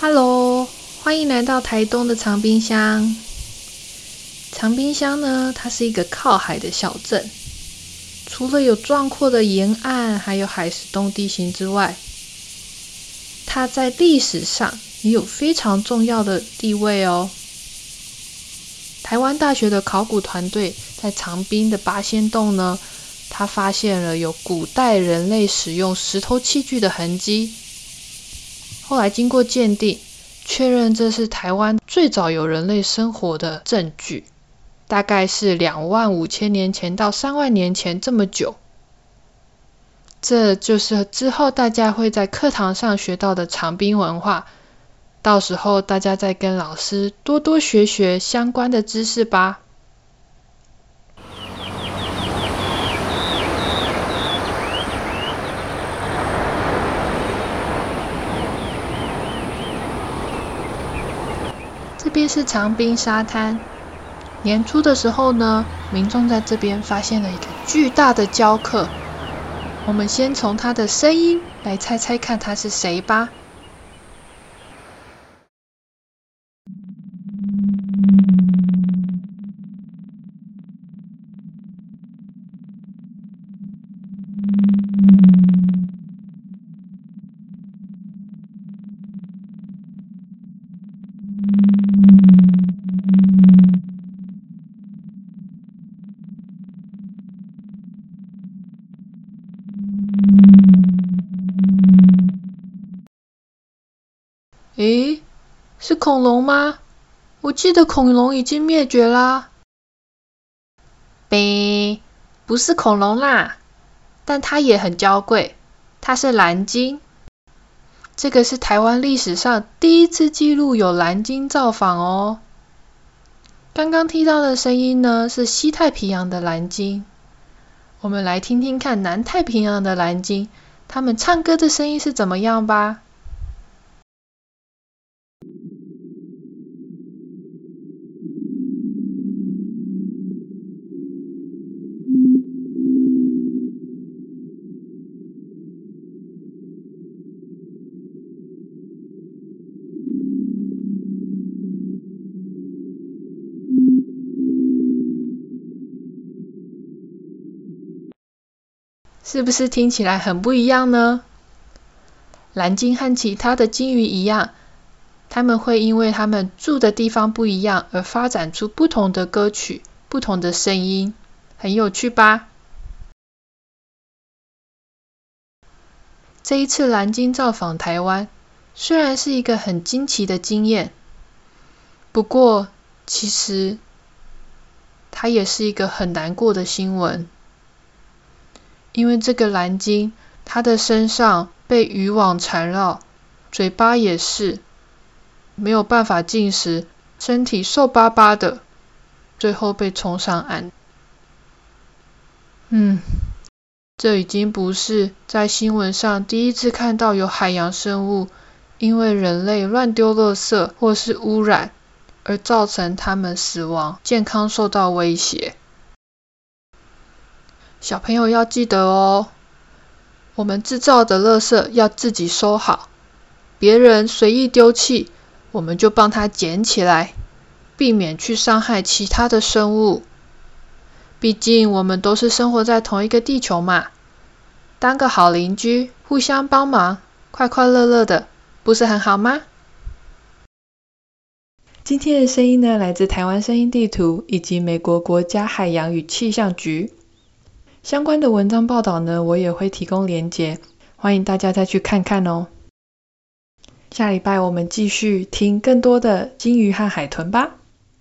哈嘍，歡迎來到台東的長濱鄉。長濱鄉呢，它是一個靠海的小鎮。除了有壯闊的沿岸，還有海蝕洞地形之外，它在歷史上也有非常重要的地位哦。台灣大學的考古團隊在長濱的八仙洞呢，他發現了有古代人類使用石頭器具的痕跡。後來經過鑑定，確認這是台灣最早有人類生活的證據，大概是兩萬五千年前到三萬年前這麼久。這就是之後大家會在課堂上學到的長濱文化，到時候大家再跟老師多多學學相關的知識吧。這邊是長濱沙灘。年初的時候呢，民眾在這邊發現了一個巨大的嬌客。我們先從它的聲音來猜猜看，它是誰吧。誒，是恐龍嗎？我記得恐龍已經滅絕啦。唄、呃、不是恐龍啦，但它也很嬌貴，它是藍鯨。這個是台灣歷史上第一次記錄有藍鯨造訪哦。剛剛聽到的聲音呢，是西太平洋的藍鯨。我們來聽聽看南太平洋的藍鯨，它們唱歌的聲音是怎麼樣吧。是不是聽起來很不一樣呢？藍鯨和其他的鯨魚一樣，他們會因為他們住的地方不一樣而發展出不同的歌曲、不同的聲音，很有趣吧？這一次藍鯨造訪台灣，雖然是一個很驚奇的經驗，不過其實它也是一個很難過的新聞。因為這個藍鯨，它的身上被漁網纏繞，嘴巴也是沒有辦法進食，身體瘦巴巴的，最後被衝上岸。嗯，這已經不是在新聞上第一次看到有海洋生物因為人類亂丟垃圾或是污染，而造成它們死亡、健康受到威脅。小朋友要記得哦，我們製造的垃圾要自己收好，別人隨意丟棄，我們就幫他撿起來，避免去傷害其他的生物。畢竟我們都是生活在同一個地球嘛，當個好鄰居，互相幫忙，快快樂樂的，不是很好嗎？今天的聲音呢，來自台灣聲音地圖以及美國國家海洋與氣象局。相關的文章報道呢，我也會提供連結，歡迎大家再去看看哦。下禮拜我們繼續聽更多的鯨魚和海豚吧。